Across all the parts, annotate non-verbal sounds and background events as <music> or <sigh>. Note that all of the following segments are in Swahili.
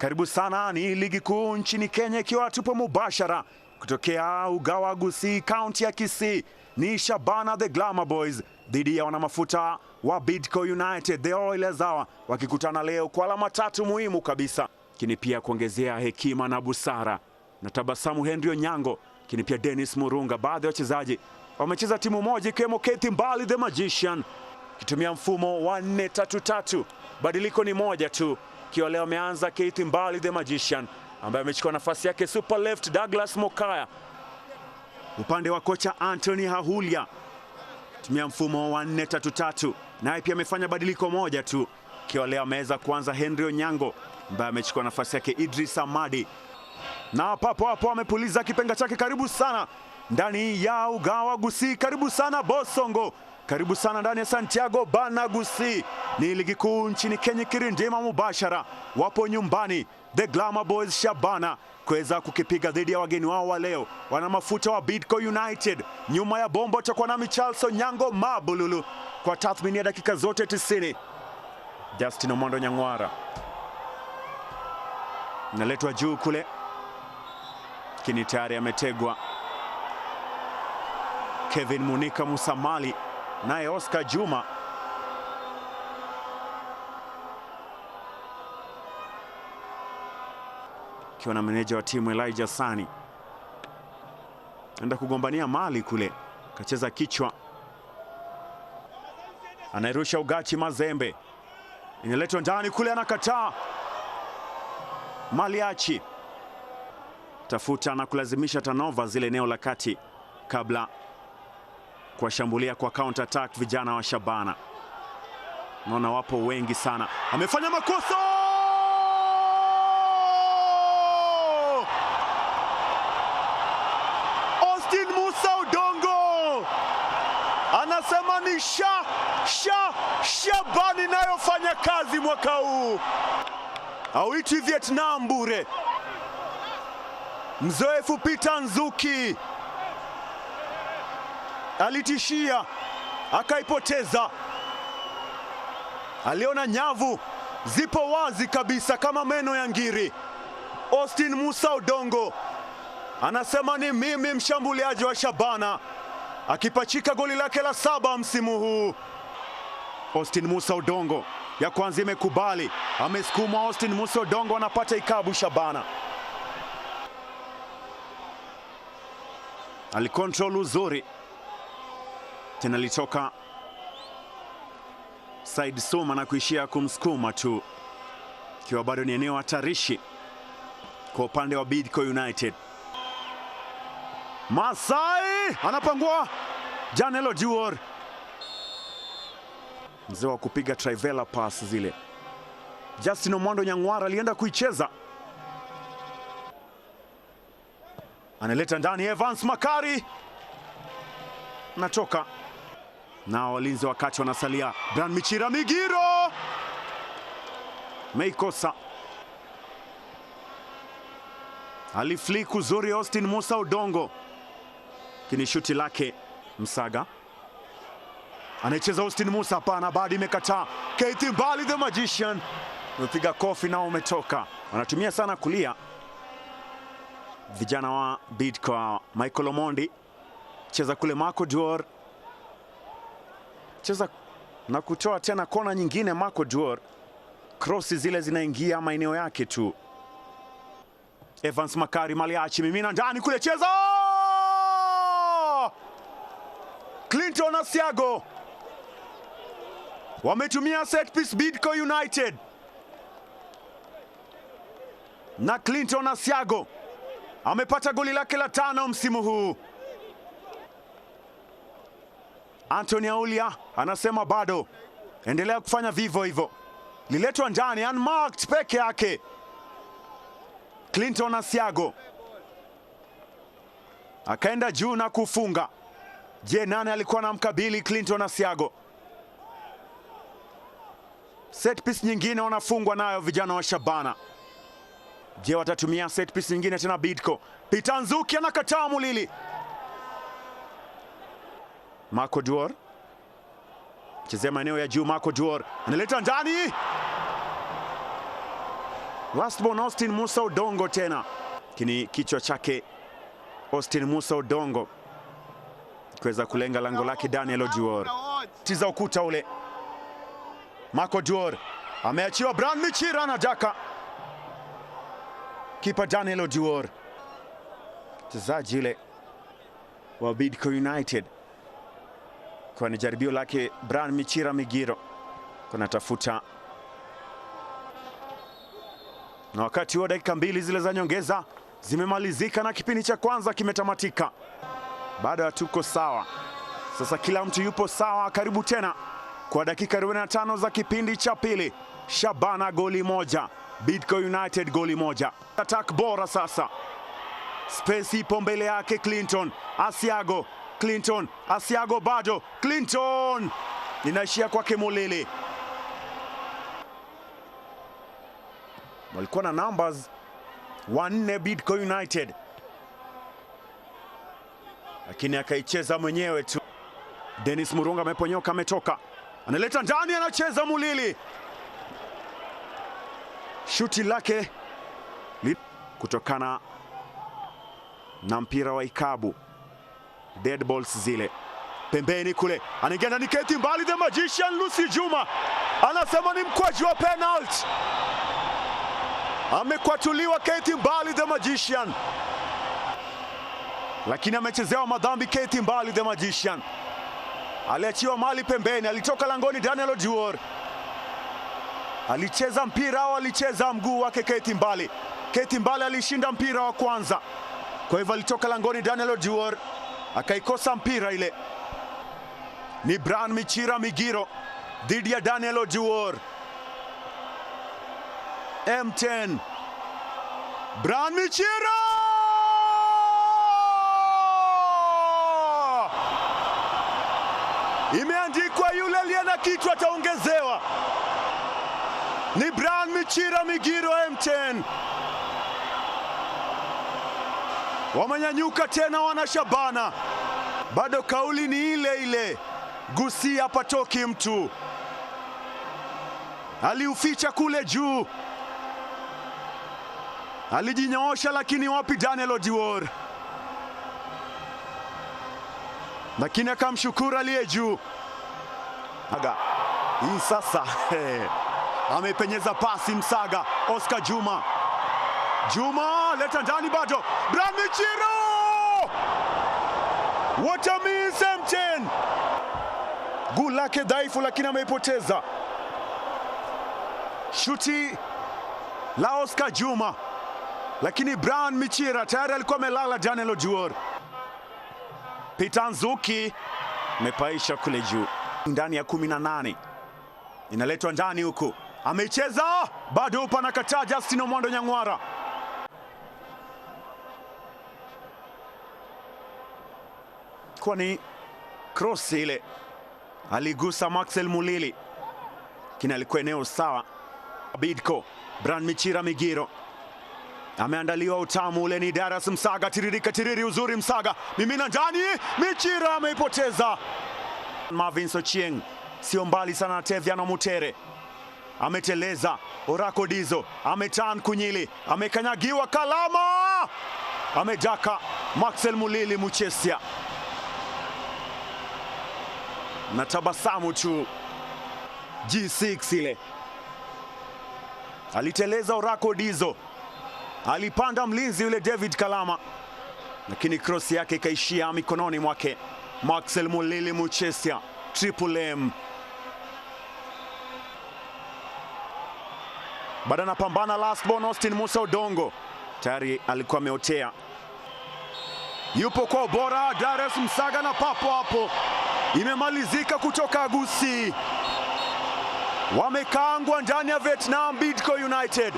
Karibu sana, ni ligi kuu nchini Kenya, ikiwa tupo mubashara kutokea ugawa Gusii, kaunti ya Kisii. Ni Shabana the Glamour Boys dhidi ya wanamafuta wa Bidco United the Oilers, hawa wakikutana leo kwa alama tatu muhimu kabisa, lakini pia kuongezea hekima na busara na tabasamu Henry Onyango, lakini pia Dennis Murunga. Baadhi ya wachezaji wamecheza timu moja ikiwemo Kethi Mbali the Magician, kitumia mfumo wa 4-3-3. Badiliko ni moja tu akiwa leo ameanza Keith Mbali the Magician ambaye amechukua nafasi yake super left Douglas Mokaya. Upande wa kocha Anthony Hahulia tumia mfumo wa 4-3-3 naye pia amefanya badiliko moja tu, akiwa leo ameweza kuanza Henry Onyango ambaye amechukua nafasi yake Idris Amadi, na papo hapo amepuliza kipenga chake karibu sana ndani ya ugawa Gusii, karibu sana Bosongo. Karibu sana ndani ya Santiago Banagusi. Ni ligi kuu nchini Kenya, kirindima mubashara, wapo nyumbani The Glamour Boys Shabana kuweza kukipiga dhidi ya wageni wao wa leo wana mafuta wa Bidco United. Nyuma ya bombo atakuwa nami Charles Onyango Mabululu kwa tathmini ya dakika zote 90. Justin Omondo Nyang'wara naletwa juu kule, lakini tayari ametegwa. Kevin Munika Musamali naye Oscar Juma akiwa na meneja wa timu Elijah Sani anaenda kugombania mali kule, kacheza kichwa, anairusha ugachi. Mazembe inaletwa ndani kule, anakataa. Maliachi tafuta na kulazimisha tanova zile eneo la kati kabla kuwashambulia kwa counter attack vijana wa Shabana. Naona wapo wengi sana, amefanya makosa Austin Musa Odongo anasema ni sha sha Shabani inayofanya kazi mwaka huu, auiti Vietnam bure, mzoefu Peter Nzuki alitishia akaipoteza. Aliona nyavu zipo wazi kabisa kama meno ya ngiri. Austin Musa Odongo anasema ni mimi mshambuliaji wa Shabana, akipachika goli lake la saba msimu huu. Austin Musa Odongo ya kwanza imekubali, amesukuma Austin Musa Odongo anapata ikabu. Shabana alikontrol uzuri tena litoka Said Suma na kuishia kumsukuma tu, ikiwa bado ni eneo hatarishi kwa upande wa Bidco United. Masai anapangua Janelo Dior, mzee wa kupiga trivela pass zile. Justin Omwando Nyang'wara alienda kuicheza, analeta ndani. Evans Makari natoka na walinzi wakati wanasalia. Bran Michira Migiro meikosa. aliflik uzuri Austin Musa Odongo, kini shuti lake Msaga anaicheza Austin Musa, hapana, badi imekataa. Keith Mbali the magician umepiga kofi nao umetoka. Wanatumia sana kulia vijana wa bid kwa Michael Omondi, cheza kule Marco Dior cheza na kutoa tena kona nyingine. Marco Duor, krosi zile zinaingia maeneo yake tu. Evans Makari Maliachi, mimina ndani kule, cheza Clinton Asiago, wametumia set piece Bidco United na Clinton Asiago amepata goli lake la tano msimu huu. Anthony Aulia anasema bado endelea kufanya vivyo hivyo. Liletwa ndani unmarked peke yake. Clinton Asiago akaenda juu na kufunga. Je, nani alikuwa na mkabili Clinton Asiago? Set piece nyingine wanafungwa nayo vijana wa Shabana. Je, watatumia set piece nyingine tena? Bidco Pitanzuki anakataa Mulili Marco Duor chezea maeneo ya juu. Marco Duor analeta ndani, last ball Austin Musa Odongo tena, kini kichwa chake Austin Musa Odongo kuweza kulenga lango lake Daniel Oduor. Tiza ukuta ule. Marco Duor ameachiwa Brian Michira na daka kipa Daniel Oduor, mchezaji ule wa Bidco United. Ilikuwa ni jaribio lake Brian Michira Migiro kunatafuta, na wakati huo dakika mbili zile za nyongeza zimemalizika na kipindi cha kwanza kimetamatika. Bado hatuko sawa, sasa kila mtu yupo sawa. Karibu tena kwa dakika 45 za kipindi cha pili. Shabana goli moja, Bidco United goli moja. Attack bora sasa, space ipo mbele yake. Clinton Asiago Clinton, Asiago bado, Clinton inaishia kwake Molele. Walikuwa na numbers wanne Bidco United, lakini akaicheza mwenyewe tu. Dennis Murunga ameponyoka, ametoka, analeta ndani, anacheza Mulili, shuti lake kutokana na mpira wa ikabu dead balls zile pembeni kule, anaingia ndani, keti mbali. The Magician Lucy Juma anasema ni mkwaju wa penalty, amekwatuliwa keti mbali The Magician, lakini amechezewa madhambi keti mbali The Magician, aliachiwa mali pembeni, alitoka langoni. Daniel Ojuor alicheza mpira au alicheza mguu wake keti mbali, keti mbali alishinda mpira wa kwanza, kwa hivyo alitoka langoni Daniel Ojuor akaikosa mpira ile. Ni bran Michira Migiro dhidi ya Daniel Ojuor. M10 bran Michira imeandikwa, yule aliye na kichwa ataongezewa. Ni bran Michira Migiro M10 wamenyanyuka tena wanashabana, bado kauli ni ile ile, gusia patoki mtu. Aliuficha kule juu, alijinyoosha, lakini wapi Daniel odior lakini akamshukuru aliye juu. Aga hii sasa <laughs> amepenyeza pasi Msaga, Oscar Juma Juma leta ndani bado, Brian Michiro, what a miss M10! Guu lake dhaifu, lakini ameipoteza. Shuti la Oscar Juma, lakini Brian Michira tayari alikuwa amelala. Daniel Ojuor, Peter Nzuki amepaisha kule juu, ndani ya kumi na inaletwa ndani huku, ameicheza bado, upa anakataa. Justin Omondo Nyang'wara kwa ni krosi ile, aligusa Maxel Mulili, kina alikuwa eneo sawa. Bidco Brand Michira Migiro ameandaliwa utamu ule, ni Daras Msaga, tiririka tiriri, uzuri Msaga, mimina ndani, Michira ameipoteza. Marvin Sochieng sio mbali sana na Teviano Mutere, ameteleza Orako Dizo, ametan Kunyili, amekanyagiwa Kalama, amedaka Maxel Mulili Muchesia na tabasamu tu. G6 ile aliteleza Orako Dizo, alipanda mlinzi yule David Kalama, lakini krosi yake ikaishia mikononi mwake Maxel Mulili Muchesia, Triple M. na anapambana last ball, Austin Musa Odongo tayari alikuwa ameotea, yupo kwa ubora Darius Msaga na papo hapo imemalizika kutoka Agusi. Wamekangwa ndani ya Vietnam Bidco United.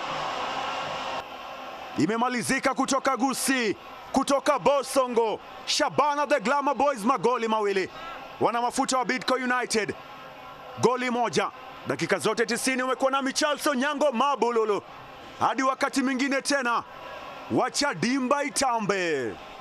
Imemalizika kutoka Agusi, kutoka Bosongo. Shabana the Glamour Boys magoli mawili, wana mafuta wa Bidco United goli moja. Dakika zote tisini umekuwa na michalso Nyango Mabululu, hadi wakati mwingine tena, wacha dimba itambe.